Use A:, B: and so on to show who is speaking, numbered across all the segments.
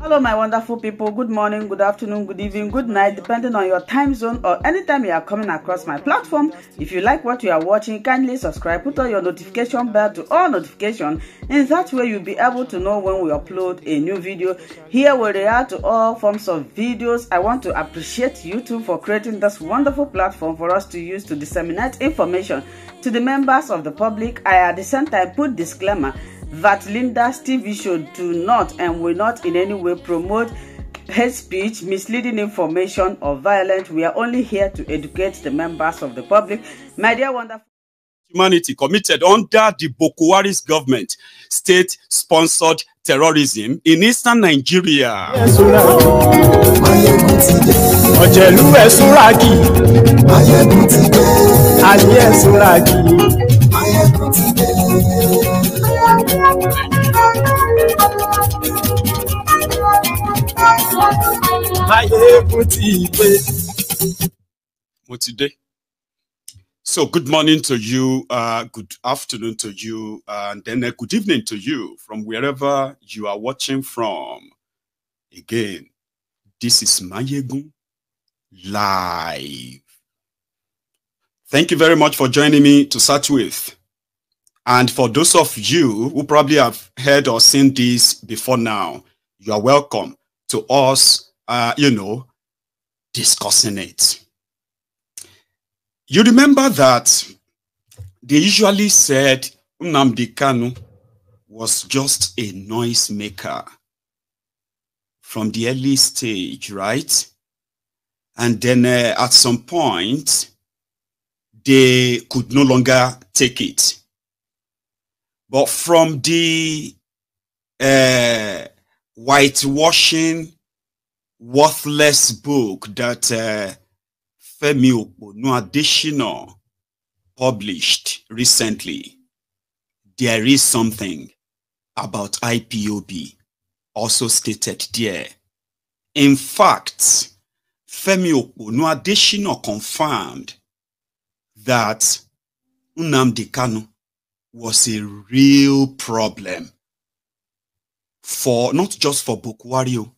A: Hello, my wonderful people. Good morning, good afternoon, good evening, good night, depending on your time zone or anytime you are coming across my platform. If you like what you are watching, kindly subscribe, put on your notification bell to all notification. In that way, you'll be able to know when we upload a new video. Here we react to all forms of videos. I want to appreciate YouTube for creating this wonderful platform for us to use to disseminate information to the members of the public. I at the same time put disclaimer that Linda's TV show do not and will not in any way promote hate speech, misleading information, or violence. We are only here to educate the members of the public. My dear wonderful humanity committed under the
B: Boko Haram's government, state-sponsored terrorism in eastern Nigeria. Ayé mo ti So good morning to you, uh, good afternoon to you, uh, and then a good evening to you from wherever you are watching from. Again, this is Mayegun live. Thank you very much for joining me to start with. And for those of you who probably have heard or seen this before now, you are welcome to us, uh, you know, discussing it. You remember that they usually said Nnamdi Kanu was just a noisemaker from the early stage, right? And then uh, at some point, they could no longer take it but from the uh, whitewashing, worthless book that uh, Femi Oponu Adesina published recently, there is something about IPOB also stated there. In fact, Femi Oponu Adesina confirmed that Unamdi Kanu was a real problem for not just for Bukwario,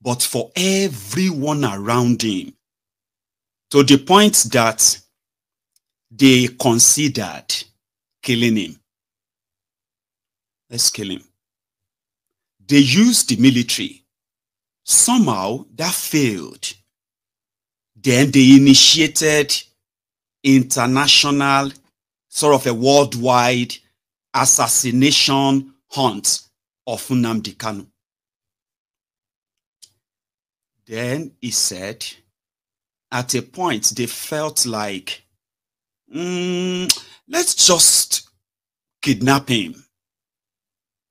B: but for everyone around him. To the point that they considered killing him. Let's kill him. They used the military. Somehow that failed. Then they initiated international sort of a worldwide assassination hunt of Nnamdi Kanu. Then he said, at a point, they felt like, mm, let's just kidnap him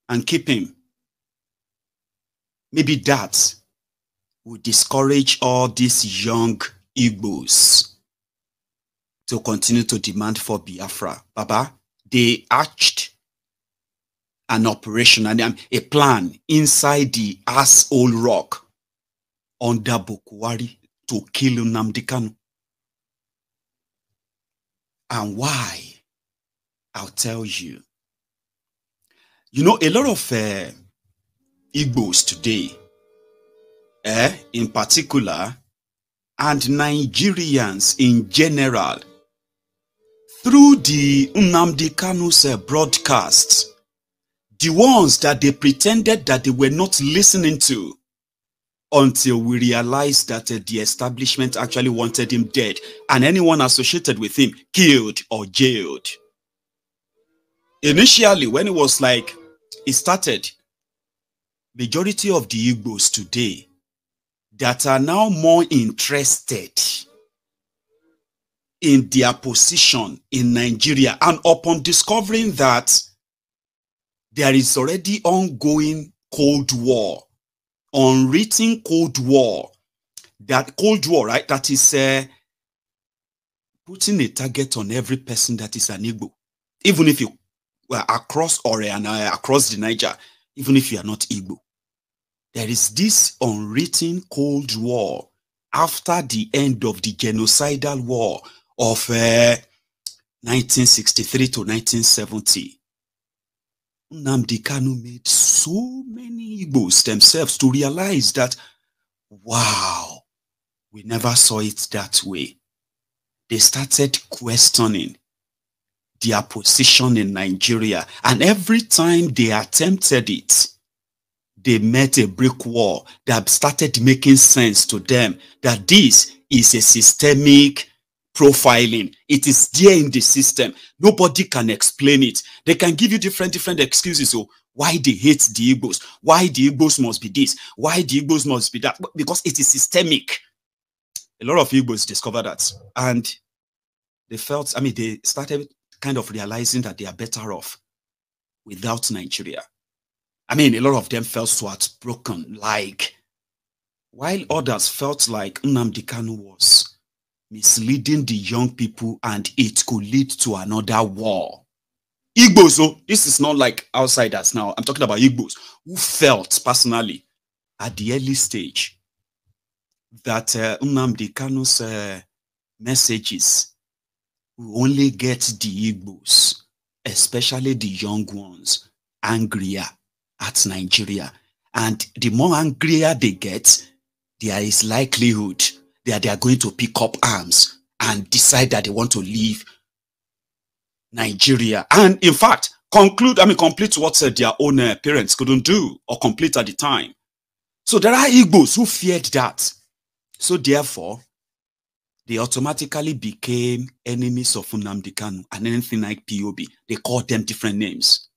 B: and keep him. Maybe that will discourage all these young Igbos to continue to demand for Biafra. Baba, they hatched an operation and um, a plan inside the asshole rock under Bokwari to kill Namdikanu. And why? I'll tell you. You know, a lot of uh, Igbos today, eh, in particular, and Nigerians in general, through the Nnamdi Kanu's uh, broadcasts, the ones that they pretended that they were not listening to until we realized that uh, the establishment actually wanted him dead and anyone associated with him killed or jailed. Initially, when it was like it started, majority of the Igbos today that are now more interested in their position in Nigeria and upon discovering that there is already ongoing Cold War, unwritten Cold War, that Cold War, right, that is uh, putting a target on every person that is an Igbo, even if you were across Ore and uh, across the Niger, even if you are not Igbo. There is this unwritten Cold War after the end of the genocidal war of uh, 1963 to 1970, Namdi Kanu made so many Igbos themselves to realize that, wow, we never saw it that way. They started questioning their position in Nigeria. And every time they attempted it, they met a brick wall that started making sense to them that this is a systemic profiling. It is there in the system. Nobody can explain it. They can give you different, different excuses. So oh, why they hate the Igbos, why the Igbos must be this, why the Igbos must be that, because it is systemic. A lot of Igbos discovered that. And they felt, I mean, they started kind of realizing that they are better off without Nigeria. I mean, a lot of them felt so broken. like, while others felt like Nnamdi Kanu was misleading the young people and it could lead to another war. Igbozo, oh, so this is not like outsiders now. I'm talking about Igbos who felt personally at the early stage that uh, Nnamdi Kanu's uh, messages will only get the Igbos, especially the young ones, angrier at Nigeria. And the more angrier they get, there is likelihood that they are going to pick up arms and decide that they want to leave Nigeria. And in fact, conclude, I mean, complete what uh, their own uh, parents couldn't do or complete at the time. So there are Igbos who feared that. So therefore, they automatically became enemies of Nnamdi Kanu and anything like POB. They called them different names.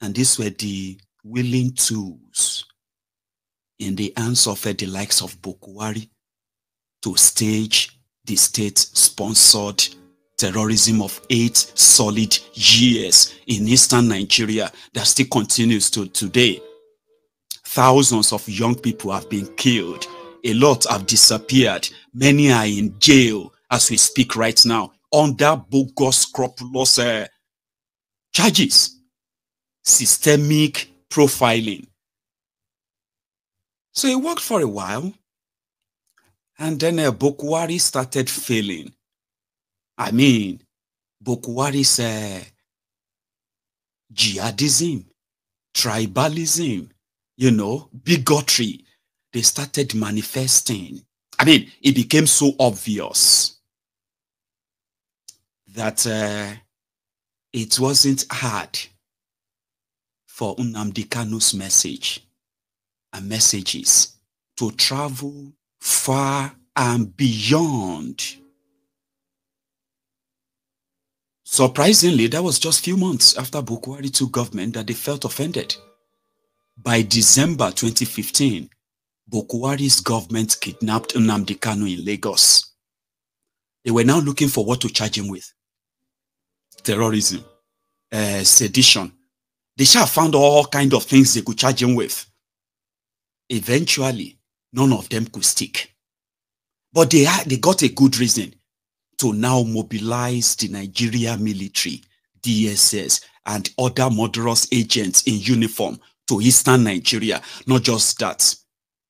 B: And these were the willing tools in the hands of uh, the likes of Bokuwari to stage the state-sponsored terrorism of eight solid years in eastern Nigeria that still continues to today. Thousands of young people have been killed. A lot have disappeared. Many are in jail as we speak right now under bogus, scrupulous uh, charges. Systemic profiling. So he worked for a while. And then uh, Bokwari started failing. I mean, Bokwari's uh, jihadism, tribalism, you know, bigotry, they started manifesting. I mean, it became so obvious that uh, it wasn't hard for Unamdi Kanu's message and messages to travel far and beyond. Surprisingly, that was just few months after Bukwari took government that they felt offended. By December 2015, Bukwari's government kidnapped Nnamdi Kanu in Lagos. They were now looking for what to charge him with. Terrorism, uh, sedition. They shall found all kind of things they could charge him with. Eventually, none of them could stick. But they, had, they got a good reason to now mobilize the Nigeria military, DSS, and other murderous agents in uniform to eastern Nigeria. Not just that,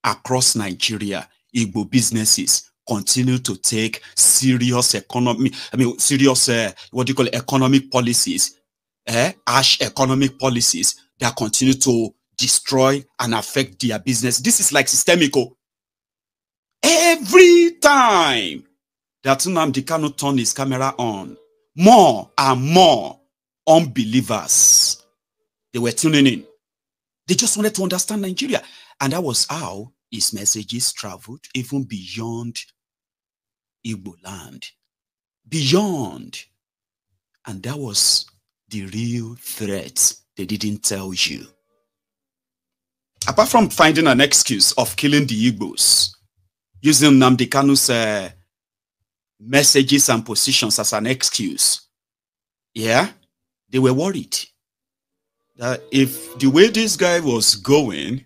B: across Nigeria, Igbo businesses continue to take serious economic, I mean, serious, uh, what do you call it, economic policies, eh? ash economic policies that continue to destroy and affect their business. This is like systemico. Oh. Every time that Nnamdi Kanu turn his camera on, more and more unbelievers, they were tuning in. They just wanted to understand Nigeria. And that was how his messages traveled even beyond Igbo land. Beyond. And that was the real threat they didn't tell you apart from finding an excuse of killing the Igbos, using Namdekanu's uh, messages and positions as an excuse, yeah, they were worried that if the way this guy was going,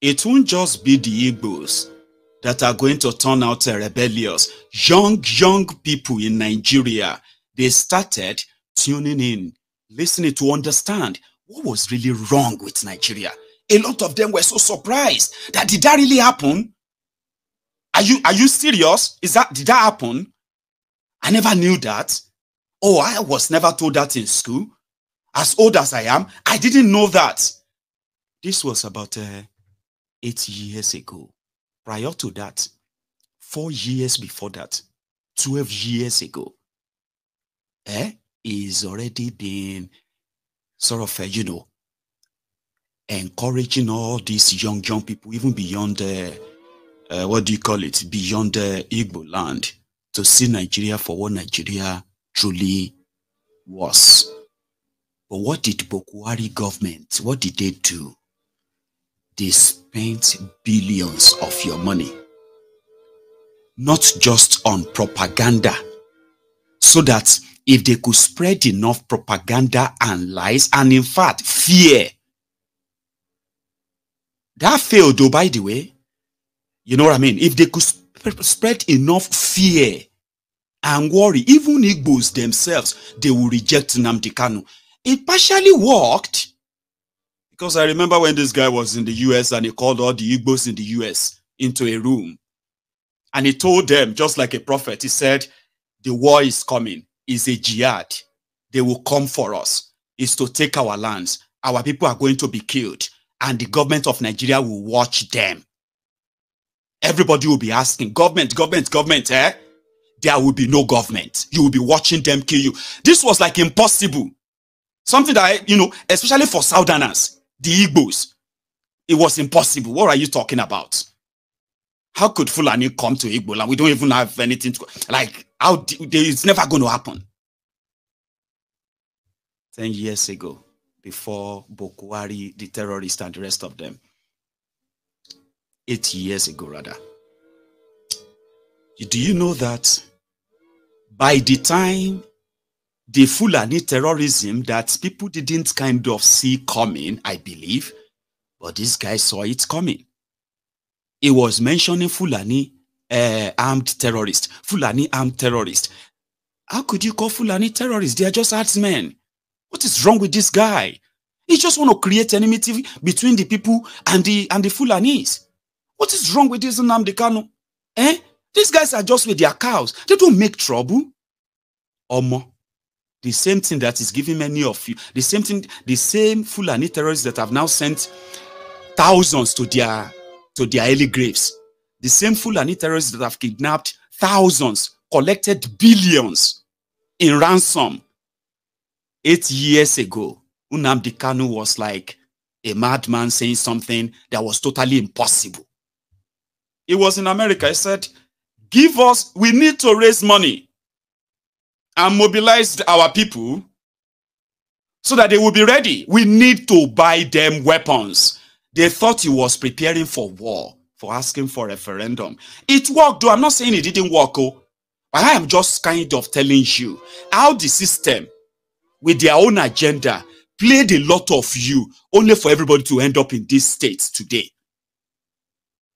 B: it won't just be the Igbos that are going to turn out uh, rebellious. Young, young people in Nigeria, they started tuning in, listening to understand what was really wrong with Nigeria a lot of them were so surprised that did that really happen? Are you are you serious? Is that did that happen? I never knew that. Oh, I was never told that in school. As old as I am, I didn't know that. This was about uh, eight years ago. Prior to that, four years before that, 12 years ago, eh, is already been sort of, uh, you know, encouraging all these young, young people, even beyond, uh, uh, what do you call it, beyond uh, Igbo land, to see Nigeria for what Nigeria truly was. But what did Bokwari government, what did they do? They spent billions of your money, not just on propaganda, so that if they could spread enough propaganda and lies, and in fact, fear, that failed, though, by the way. You know what I mean? If they could sp spread enough fear and worry, even Igbos themselves, they will reject Namdi Kanu. It partially worked. Because I remember when this guy was in the US and he called all the Igbos in the US into a room. And he told them, just like a prophet, he said, the war is coming. It's a jihad. They will come for us. It's to take our lands. Our people are going to be killed and the government of Nigeria will watch them. Everybody will be asking, government, government, government, eh? There will be no government. You will be watching them kill you. This was like impossible. Something that, you know, especially for Southerners, the Igbos, it was impossible. What are you talking about? How could Fulani come to Igbo and We don't even have anything to, like, how, it's never going to happen. 10 years ago before Bokwari, the terrorists, and the rest of them. Eight years ago, rather. Do you know that by the time the Fulani terrorism that people didn't kind of see coming, I believe, but this guy saw it coming. He was mentioning Fulani uh, armed terrorist, Fulani armed terrorist. How could you call Fulani terrorists? They are just arts men. What is wrong with this guy? He just want to create enmity between the people and the and the Fulanis. What is wrong with this the Kanu? Eh? These guys are just with their cows. They don't make trouble. Omo. The same thing that is giving many of you, the same thing, the same Fulani terrorists that have now sent thousands to their to their early graves. The same Fulani terrorists that have kidnapped thousands, collected billions in ransom eight years ago, Unamdi Kanu was like a madman saying something that was totally impossible. It was in America. He said, give us, we need to raise money and mobilize our people so that they will be ready. We need to buy them weapons. They thought he was preparing for war, for asking for referendum. It worked, though. I'm not saying it didn't work, oh, but I am just kind of telling you how the system with their own agenda played a lot of you only for everybody to end up in this state today.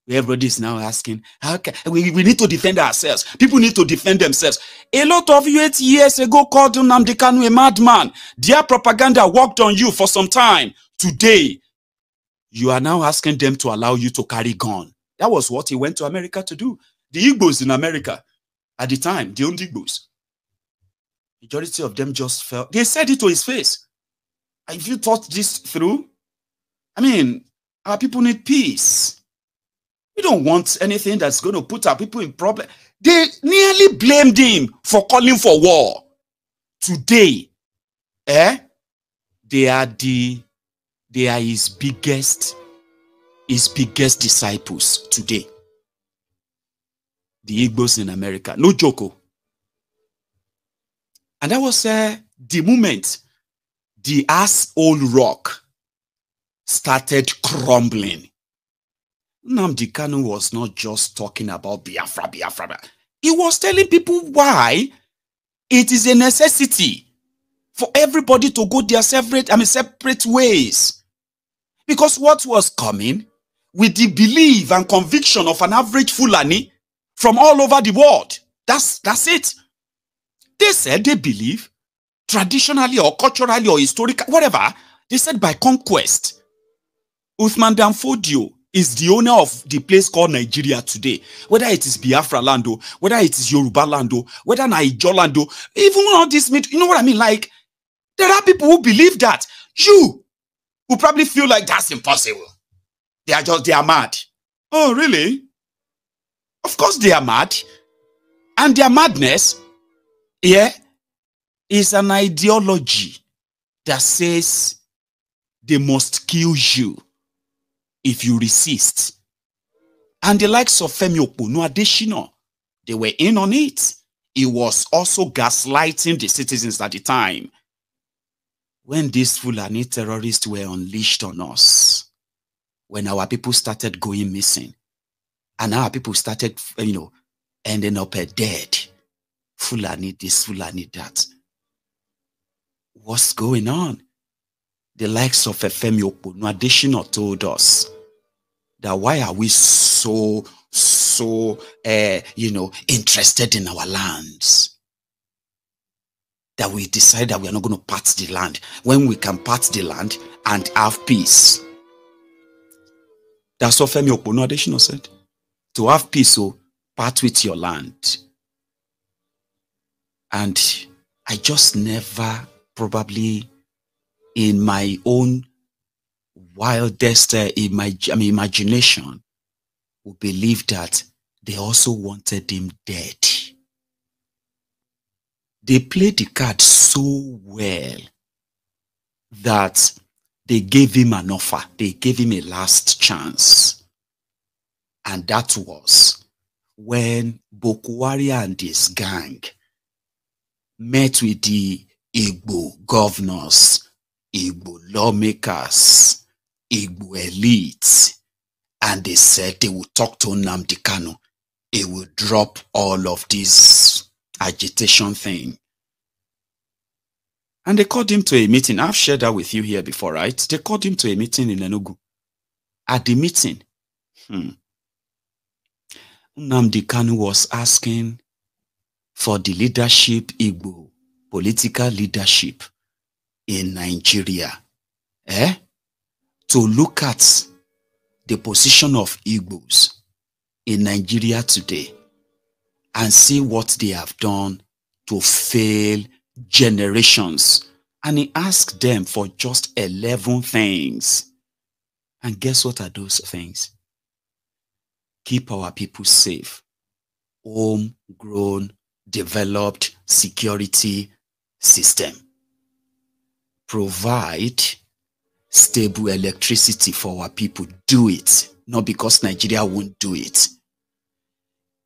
B: Everybody is now asking, okay, we, we need to defend ourselves. People need to defend themselves. A lot of you eight years ago called Nnamdi Kanu a madman. Their propaganda worked on you for some time. Today, you are now asking them to allow you to carry gun. That was what he went to America to do. The Igbos in America at the time, the Igbos, Majority of them just fell. They said it to his face. If you thought this through, I mean, our people need peace. We don't want anything that's going to put our people in problem. They nearly blamed him for calling for war. Today, eh? They are the they are his biggest his biggest disciples today. The Igbos in America. No joke. Oh. And that was uh, the moment the asshole rock started crumbling. Namdi Kanu was not just talking about Biafra, Biafra. He was telling people why it is a necessity for everybody to go their separate, I mean, separate ways. Because what was coming with the belief and conviction of an average Fulani from all over the world. That's that's it. They said they believe, traditionally or culturally or historical, whatever, they said by conquest. Uthman Danfodio is the owner of the place called Nigeria today. Whether it is Biafra lando, whether it is Yoruba lando, whether Niger land, or even all this, you know what I mean? Like, there are people who believe that. You will probably feel like that's impossible. They are just, they are mad. Oh, really? Of course they are mad. And their madness yeah, is an ideology that says they must kill you if you resist. And the likes of Femi Oponu Adesina, they were in on it. He was also gaslighting the citizens at the time. When these Fulani terrorists were unleashed on us, when our people started going missing, and our people started, you know, ending up dead Fulani this, Fulani that. What's going on? The likes of Efemi Okunu Adesina told us that why are we so, so, uh, you know, interested in our lands? That we decide that we are not going to part the land when we can part the land and have peace. That's what Femi Okunu Adesina said. To have peace, so oh, part with your land. And I just never, probably in my own wildest uh, imag- I mean, imagination, would believe that they also wanted him dead. They played the card so well that they gave him an offer, they gave him a last chance. And that was when Bokwari and his gang met with the Igbo governors, Igbo lawmakers, Igbo elites, and they said they would talk to Nnamdi Kanu. He will drop all of this agitation thing. And they called him to a meeting. I've shared that with you here before, right? They called him to a meeting in Enugu. At the meeting, hmm, Nnamdi Kanu was asking for the leadership Igbo political leadership in Nigeria eh, to look at the position of Igbos in Nigeria today and see what they have done to fail generations. And he asked them for just 11 things. And guess what are those things? Keep our people safe, homegrown developed security system, provide stable electricity for our people. Do it, not because Nigeria won't do it.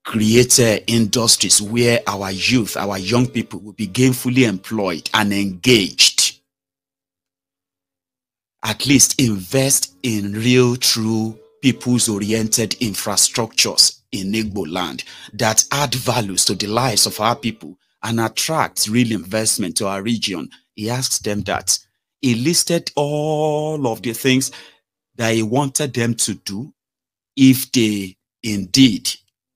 B: Create uh, industries where our youth, our young people will be gainfully employed and engaged. At least invest in real, true, people's oriented infrastructures in Igbo land that add values to the lives of our people and attract real investment to our region? He asked them that. He listed all of the things that he wanted them to do if they indeed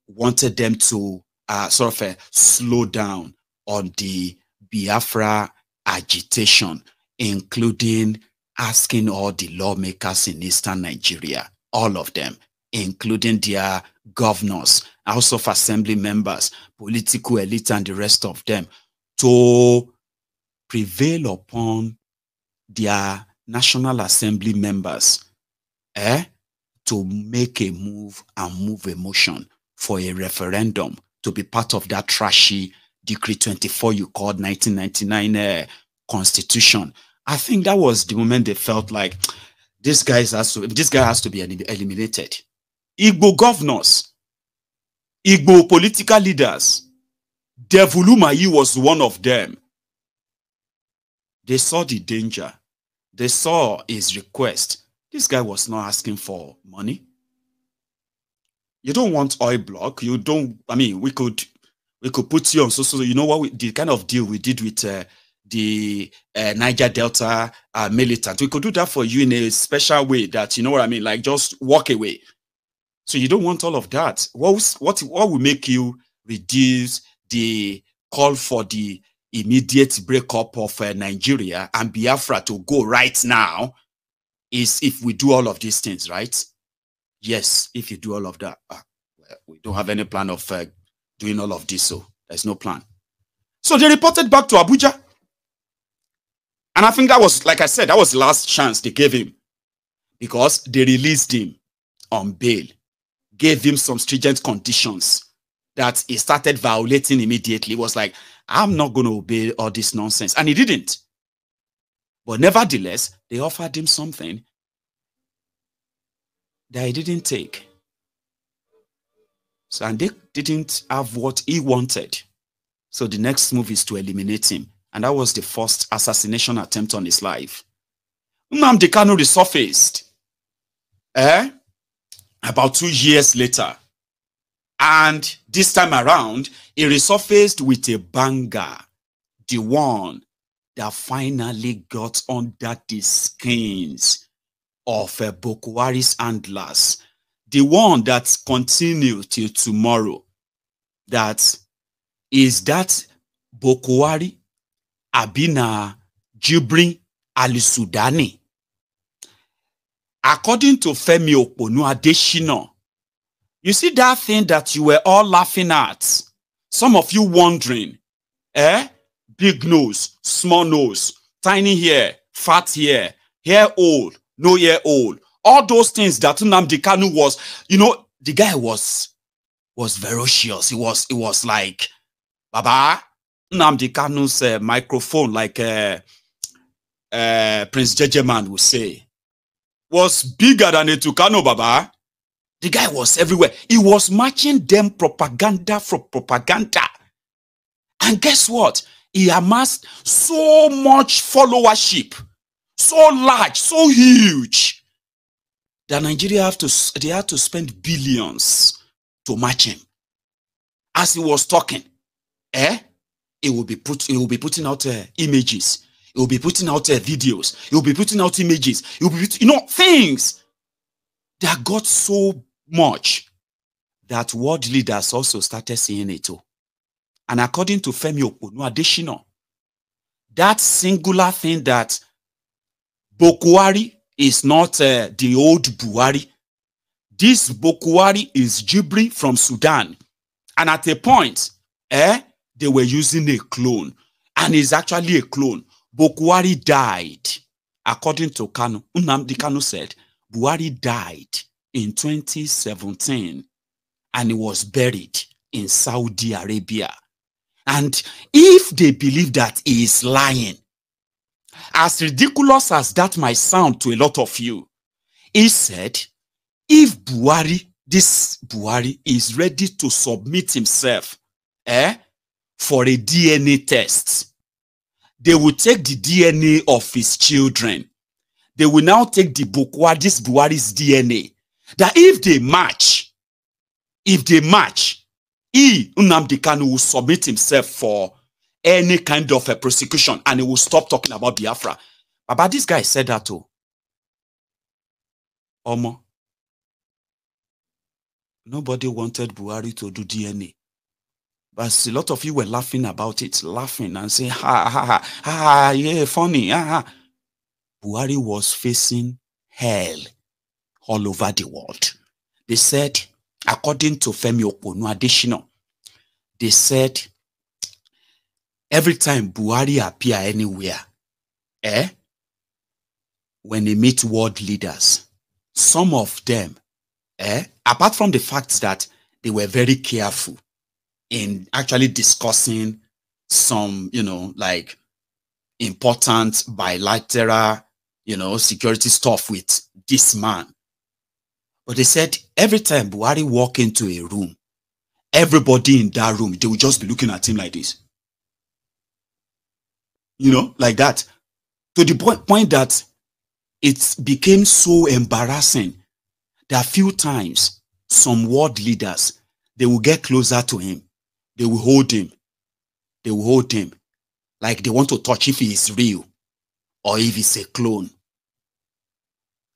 B: wanted them to uh, sort of uh, slow down on the Biafra agitation, including asking all the lawmakers in eastern Nigeria, all of them, including their governors, House of Assembly members, political elite, and the rest of them, to prevail upon their National Assembly members eh, to make a move and move a motion for a referendum to be part of that trashy Decree 24 you called 1999 uh, eh, Constitution. I think that was the moment they felt like this guy has to this guy has to be eliminated. Igbo governors, Igbo political leaders. Devulumayi was one of them. They saw the danger. They saw his request. This guy was not asking for money. You don't want oil block. You don't, I mean, we could we could put you on so so you know what we, the kind of deal we did with uh, the uh, niger delta uh, militant we could do that for you in a special way that you know what i mean like just walk away so you don't want all of that. What, what, what will make you reduce the call for the immediate breakup of uh, Nigeria and Biafra to go right now is if we do all of these things, right? Yes, if you do all of that. Uh, we don't have any plan of uh, doing all of this, so there's no plan. So they reported back to Abuja. And I think that was, like I said, that was the last chance they gave him because they released him on bail gave him some stringent conditions that he started violating immediately. He was like, I'm not going to obey all this nonsense. And he didn't. But nevertheless, they offered him something that he didn't take. So, and they didn't have what he wanted. So the next move is to eliminate him. And that was the first assassination attempt on his life. Nnamdi Kanu resurfaced. Eh? about two years later. And this time around, he resurfaced with a banger, the one that finally got under the skins of a uh, Bokwari's handlers, the one that continues till tomorrow. That is that Bokwari Abina Jibrin Ali Sudani According to Femi Oponu Adeshina, you see that thing that you were all laughing at? Some of you wondering, eh? Big nose, small nose, tiny hair, fat hair, hair old, no hair old. All those things that Nnamdi Kanu was, you know, the guy was was ferocious. It was it was like Baba Nnamdi Kanu's uh, microphone, like uh, uh, Prince Jejeman would say was bigger than a Tucano Baba. The guy was everywhere. He was matching them propaganda from propaganda. And guess what? He amassed so much followership, so large, so huge, that Nigeria have to they had to spend billions to match him. As he was talking, eh? He will be put he will be putting out uh, images You'll be putting out uh, videos. You'll be putting out images. You'll be, you know, things that got so much that world leaders also started seeing it too. And according to Femi Oponu additional, that singular thing that Bokuari is not uh, the old Buhari. This Bokuari is Jibri from Sudan. And at a point, eh, they were using a clone. And is actually a clone. Bokwari died, according to Kanu. Nnamdi Kanu said Buhari died in 2017 and he was buried in Saudi Arabia. And if they believe that he is lying, as ridiculous as that might sound to a lot of you, he said, if Buhari, this Buhari is ready to submit himself eh, for a DNA test, they will take the DNA of his children. They will now take the Bukwa, this Buhari's DNA. That if they match, if they match, he, Unamdi Kanu, will submit himself for any kind of a prosecution and he will stop talking about Biafra. Baba, this guy said that too. Oh. Omo. Nobody wanted Buhari to do DNA. But a lot of you were laughing about it, laughing and saying, ha, ha, ha, ha, yeah, funny, ha, ha. Buhari was facing hell all over the world. They said, according to Femi Oponu additional, they said, every time Buhari appear anywhere, eh, when they meet world leaders, some of them, eh, apart from the fact that they were very careful, in actually discussing some, you know, like important bilateral, you know, security stuff with this man. But they said every time Buhari walk into a room, everybody in that room, they will just be looking at him like this. You know, like that. To the point, point that it became so embarrassing that few times some world leaders, they will get closer to him they will hold him. They will hold him. Like they want to touch if he is real or if he's a clone.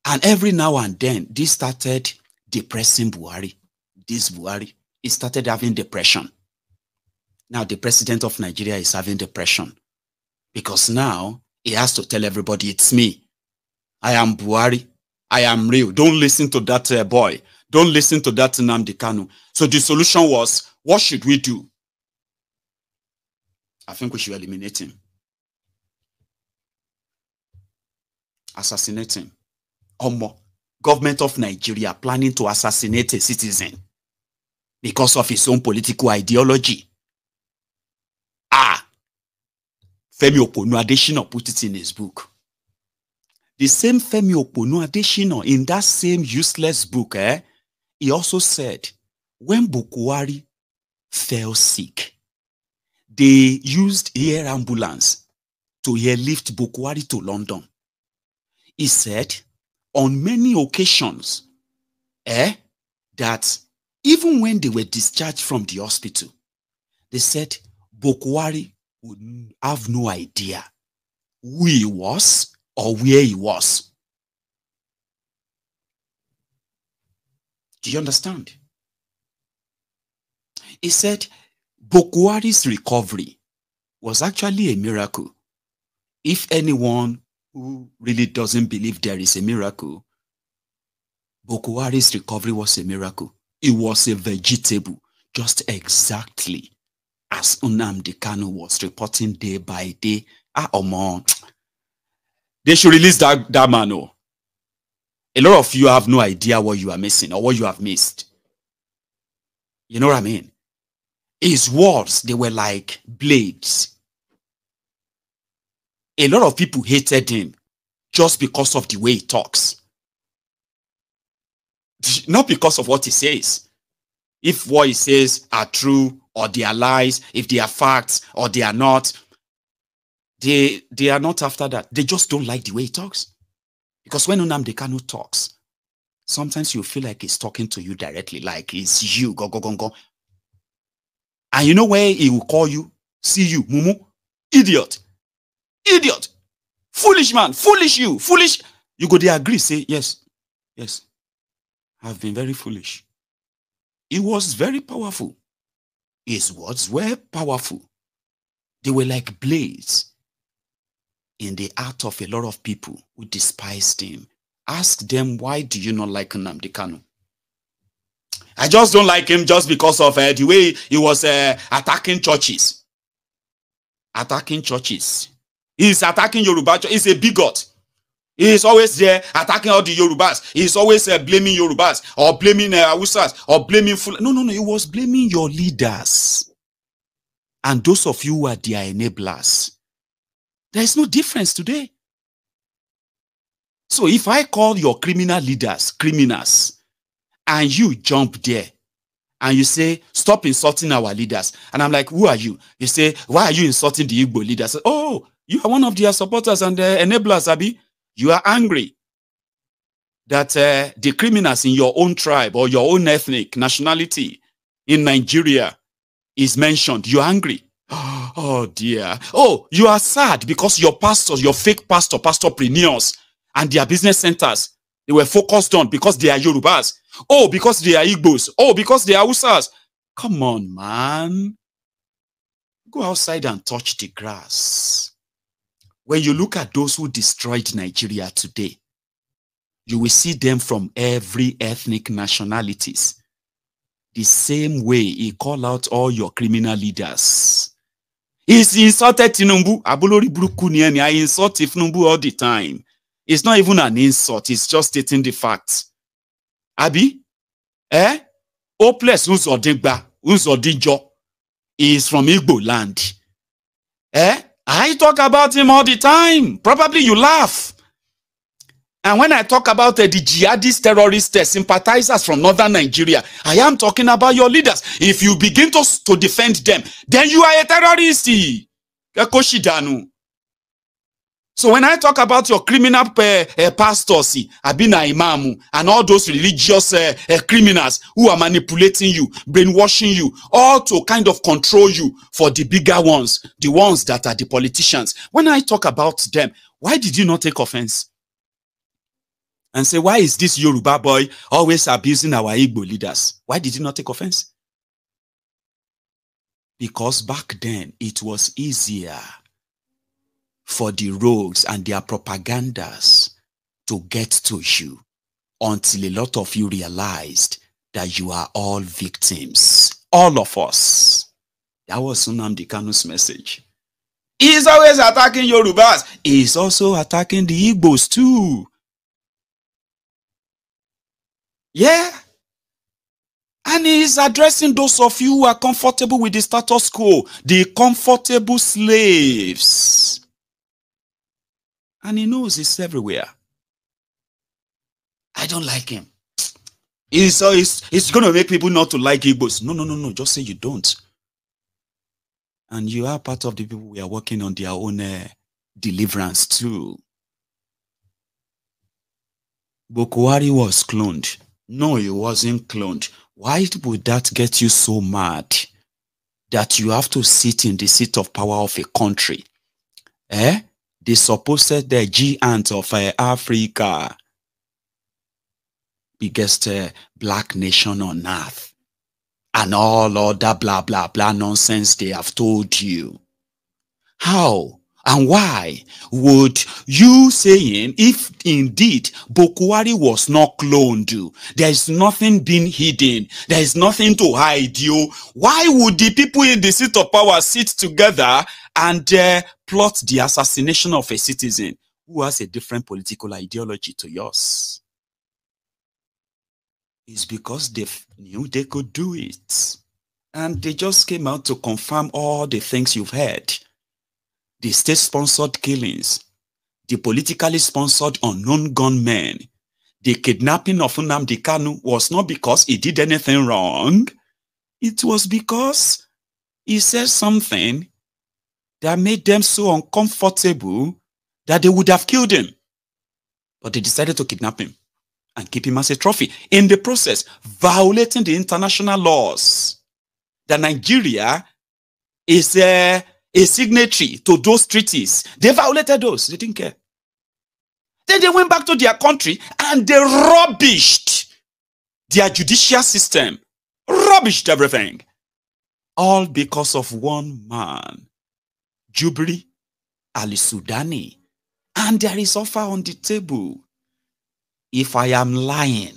B: And every now and then, this started depressing Buhari. This Buhari, he started having depression. Now the president of Nigeria is having depression because now he has to tell everybody, it's me. I am Buhari. I am real. Don't listen to that uh, boy. Don't listen to that Nnamdi Kanu. So the solution was, what should we do? I think we should eliminate him. assassinating, him. Or more. Government of Nigeria planning to assassinate a citizen because of his own political ideology. Ah! Femi Oponu Adesina put it in his book. The same Femi Oponu Adesina in that same useless book, eh, he also said, when Bukwari fell sick, they used air ambulance to airlift Bukwari to London. He said on many occasions eh, that even when they were discharged from the hospital, they said Bukwari would have no idea who he was or where he was. Do you understand? He said Bokwari's recovery was actually a miracle. If anyone who really doesn't believe there is a miracle, Bokwari's recovery was a miracle. It was a vegetable, just exactly as Unam Kanu was reporting day by day. Ah, Omo, they should release that, that man. Oh. A lot of you have no idea what you are missing or what you have missed. You know what I mean? His words, they were like blades. A lot of people hated him just because of the way he talks. Not because of what he says. If what he says are true or they are lies, if they are facts or they are not, they, they are not after that. They just don't like the way he talks. Because when Unam Dekano talks, sometimes you feel like he's talking to you directly, like it's you, go, go, go, go. And you know where he will call you? See you, Mumu. Idiot. Idiot. Foolish man. Foolish you. Foolish. You go there agree. Say, yes. Yes. I've been very foolish. He was very powerful. His words were powerful. They were like blades in the heart of a lot of people who despised him. Ask them, why do you not like Nnamdi Kanu? I just don't like him just because of uh, the way he was uh, attacking churches. Attacking churches. He's attacking Yoruba. He's a bigot. He's always there attacking all the Yorubas. He's always uh, blaming Yorubas or blaming uh, Awusas or blaming Fula. No, no, no. He was blaming your leaders and those of you who are their enablers. There is no difference today. So if I call your criminal leaders criminals, and you jump there and you say, stop insulting our leaders. And I'm like, who are you? You say, why are you insulting the Igbo leaders? oh, you are one of their supporters and their uh, enablers, Abi. You are angry that uh, the criminals in your own tribe or your own ethnic nationality in Nigeria is mentioned. You're angry. Oh, dear. Oh, you are sad because your pastors, your fake pastor, Pastor and their business centers they were focused on because they are Yorubas. Oh, because they are Igbos. Oh, because they are Usas. Come on, man. Go outside and touch the grass. When you look at those who destroyed Nigeria today, you will see them from every ethnic nationalities. The same way he called out all your criminal leaders. He's insulted Tinubu. Abulori Brukuniani. I insult Tinubu all the time. it's not even an insult it's just stating the facts. abi eh hopeless nzọdingba nzọdinjọ is from igbo land eh i talk about him all the time probably you laugh and when i talk about uh, the jihadist terrorist uh, sympathizers from northern nigeria i am talking about your leaders if you begin to to defend them then you are a terrorist kẹkọọ ṣì So when I talk about your criminal uh, uh, pastors, Abina Imam, and all those religious uh, uh, criminals who are manipulating you, brainwashing you, all to kind of control you for the bigger ones, the ones that are the politicians. When I talk about them, why did you not take offense? And say, why is this Yoruba boy always abusing our Igbo leaders? Why did you not take offense? Because back then it was easier for the rogues and their propagandas to get to you until a lot of you realized that you are all victims. All of us. That was Sunamdi Kanu's message. He's always attacking Yorubas. He's also attacking the Igbos too. Yeah. And he's addressing those of you who are comfortable with the status quo, the comfortable slaves. And he knows it's everywhere. I don't like him. It's, it's, it's going to make people not to like Igbos. No, no, no, no. Just say you don't. And you are part of the people who are working on their own uh, deliverance too. Bokuwari was cloned. No, he wasn't cloned. Why would that get you so mad that you have to sit in the seat of power of a country? Eh? the supposed the giant of uh, Africa, biggest uh, black nation on earth, and all other blah, blah, blah nonsense they have told you. How and why would you saying if indeed Bokuwari was not cloned, there is nothing being hidden, there is nothing to hide you, why would the people in the seat of power sit together and uh, plot the assassination of a citizen who has a different political ideology to yours. It's because they knew they could do it. And they just came out to confirm all the things you've heard. The state-sponsored killings, the politically sponsored unknown gunmen, the kidnapping of Nnamdi Kanu was not because he did anything wrong. It was because he said something that made them so uncomfortable that they would have killed him. But they decided to kidnap him and keep him as a trophy. In the process, violating the international laws that Nigeria is a, uh, a signatory to those treaties. They violated those. They didn't care. Then they went back to their country and they rubbished their judicial system, rubbished everything. All because of one man Jubri Ali Sudani, and there is offer on the table. If I am lying,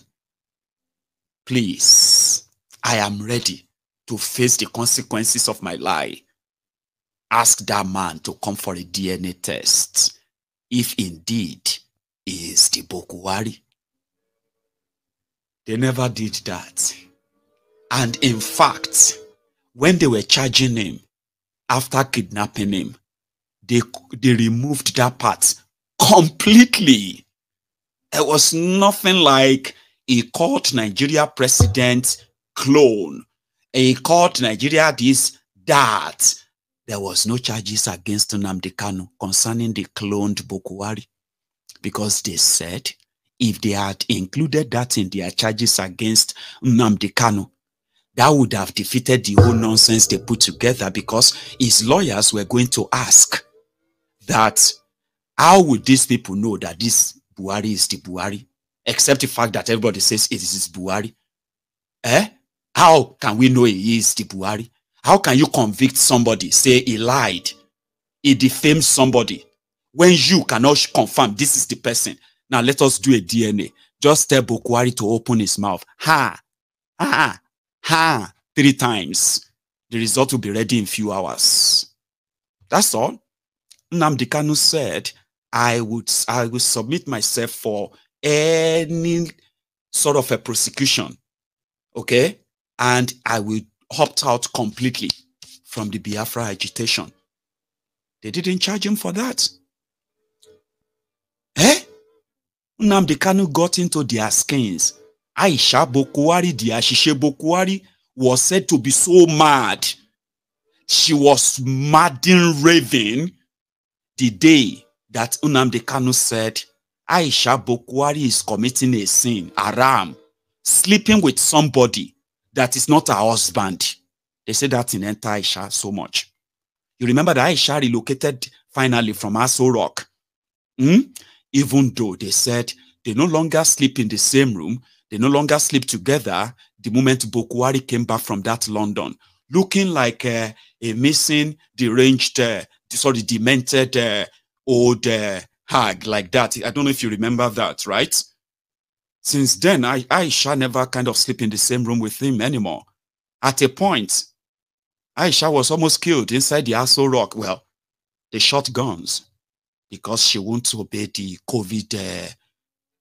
B: please, I am ready to face the consequences of my lie. Ask that man to come for a DNA test if indeed he is the Bokuwari. They never did that. And in fact, when they were charging him, after kidnapping him, they, they removed that part completely. It was nothing like a court Nigeria president clone, a court Nigeria this, that. There was no charges against Nnamdi Kanu concerning the cloned Bokuwari because they said if they had included that in their charges against Nnamdi Kanu, that would have defeated the whole nonsense they put together because his lawyers were going to ask that how would these people know that this Buhari is the Buhari, except the fact that everybody says it is Buhari? Eh? How can we know he is the Buhari? How can you convict somebody, say he lied, he defamed somebody, when you cannot confirm this is the person? Now let us do a DNA. Just tell Bukwari to open his mouth. Ha! Ha! ha three times, the result will be ready in few hours. That's all. Namdekanu Kanu said, I would I will submit myself for any sort of a prosecution. Okay? And I will opt out completely from the Biafra agitation. They didn't charge him for that. Eh? Namdekanu Kanu got into their skins Aisha Bukwari, the Ashishe Bokuwari, was said to be so mad. She was madden raving the day that Unamde Kanu said, Aisha Bukwari is committing a sin, Aram, sleeping with somebody that is not her husband. They say that in Enter Aisha so much. You remember that Aisha relocated finally from Aso Rock. Hmm? Even though they said they no longer sleep in the same room, they no longer sleep together the moment Bokwari came back from that London, looking like uh, a missing, deranged, uh, sorry, demented uh, old uh, hag like that. I don't know if you remember that, right? Since then, I, Aisha never kind of sleep in the same room with him anymore. At a point, Aisha was almost killed inside the Aso Rock. Well, they shot guns because she won't obey the COVID uh,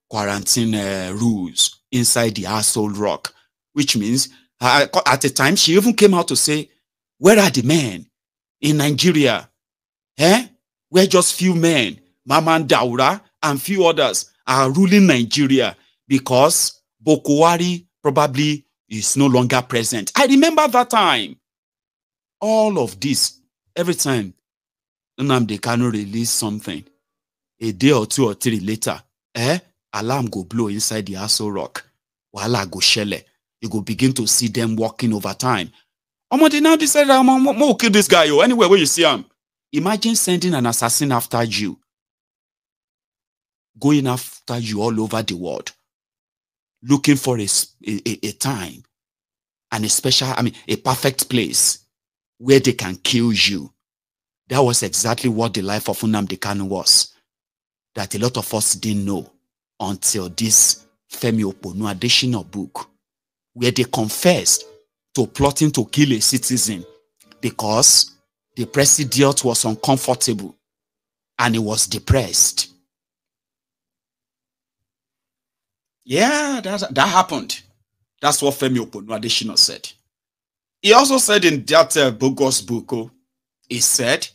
B: quarantine uh, rules inside the asshole rock, which means uh, at the time she even came out to say, where are the men in Nigeria? Eh? We're just few men, Mama Daura and few others are ruling Nigeria because Bokuwari probably is no longer present. I remember that time. All of this, every time Nnamdi Kanu released something, a day or two or three later, eh? alarm go blow inside the asshole Rock. Wahala go shele. You go begin to see them walking over time. Omo, they now decided, going to kill this guy, oh, Anywhere where you see him. Imagine sending an assassin after you. Going after you all over the world. Looking for a, a, a time and a special, I mean, a perfect place where they can kill you. That was exactly what the life of Unam Dekanu was, that a lot of us didn't know until this Femi Oponu additional book, where they confessed to plotting to kill a citizen because the president was uncomfortable and he was depressed. Yeah, that, that happened. That's what Femi Oponu additional said. He also said in that uh, bogus book, oh, he said,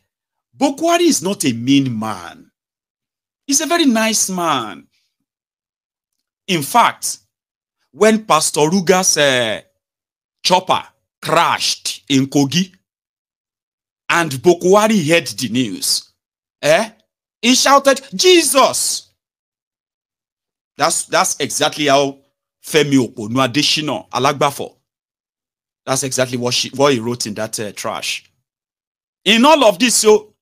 B: Bokwari is not a mean man. He's a very nice man. In fact, when Pastor Ruga's uh, eh, chopper crashed in Kogi and Bokwari heard the news, eh, he shouted, Jesus! That's, that's exactly how Femi Oponu Adesina Alagbafo, that's exactly what, she, what he wrote in that uh, trash. In all of this, so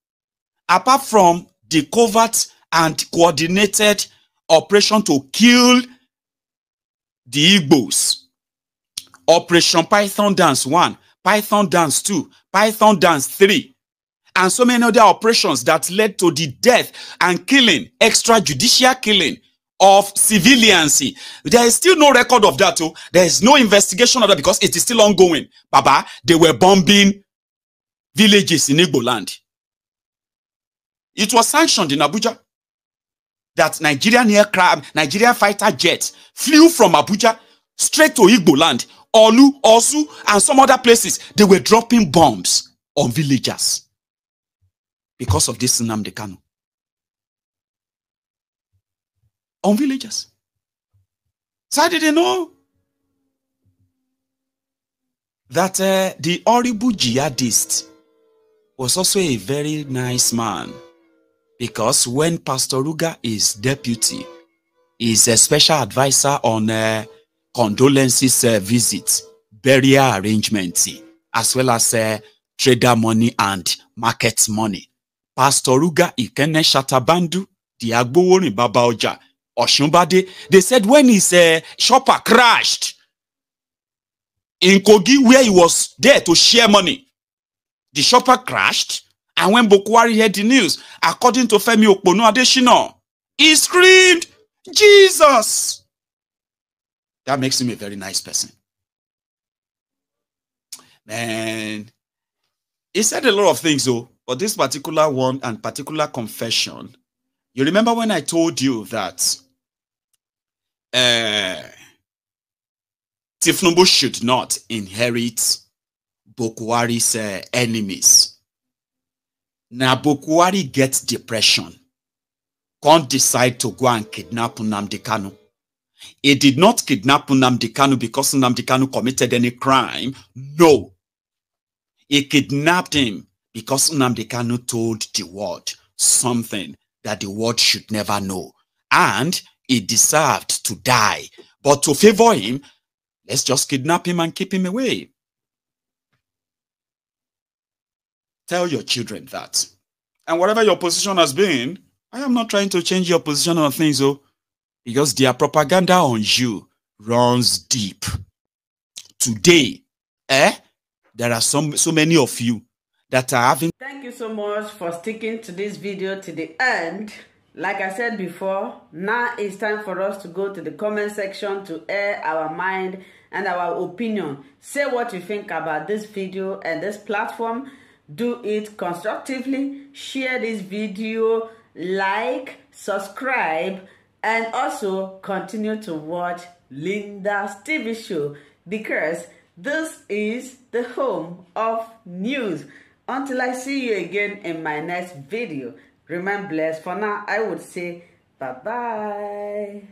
B: apart from the covert and coordinated operation to kill the Igbos. Operation Python Dance 1, Python Dance 2, Python Dance 3, and so many other operations that led to the death and killing, extrajudicial killing of civilians. There is still no record of that. Oh. There is no investigation of that because it is still ongoing. Baba, they were bombing villages in Igbo land. It was sanctioned in Abuja. that Nigerian aircraft, Nigerian fighter jets flew from Abuja straight to Igbo land, Olu, Osu, and some other places. They were dropping bombs on villagers because of this Nnamdi Kanu. On villagers. So how did they know that uh, the horrible jihadist was also a very nice man? because when Pastor Ruga is deputy, is a special advisor on uh, condolences uh, visits, burial arrangements, as well as uh, trader money and market money. Pastor Ruga Ikene Shatabandu, the Agboworin Baba Oja, they said when his uh, shopper crashed in Kogi where he was there to share money, the shopper crashed and when Bokwari heard the news, according to Femi Okpono Adeshina, he screamed, Jesus! That makes him a very nice person. Man, he said a lot of things though, but this particular one and particular confession, you remember when I told you that uh, eh, Tifnubu should not inherit Bokwari's uh, eh, enemies Nabokuwari gets depression. Can't decide to go and kidnap Nnamdi He did not kidnap Nnamdi because Nnamdi committed any crime. No. He kidnapped him because Nnamdi told the world something that the world should never know. And he deserved to die. But to favor him, let's just kidnap him and keep him away. Tell your children that. And whatever your position has been, I am not trying to change your position on things, oh, because their propaganda on you runs deep. Today, eh? There are some so many of you that are having.
A: Thank you so much for sticking to this video to the end. Like I said before, now it's time for us to go to the comment section to air our mind and our opinion. Say what you think about this video and this platform do it constructively share this video like subscribe and also continue to watch linda's tv show because this is the home of news until i see you again in my next video remain blessed for now i would say bye bye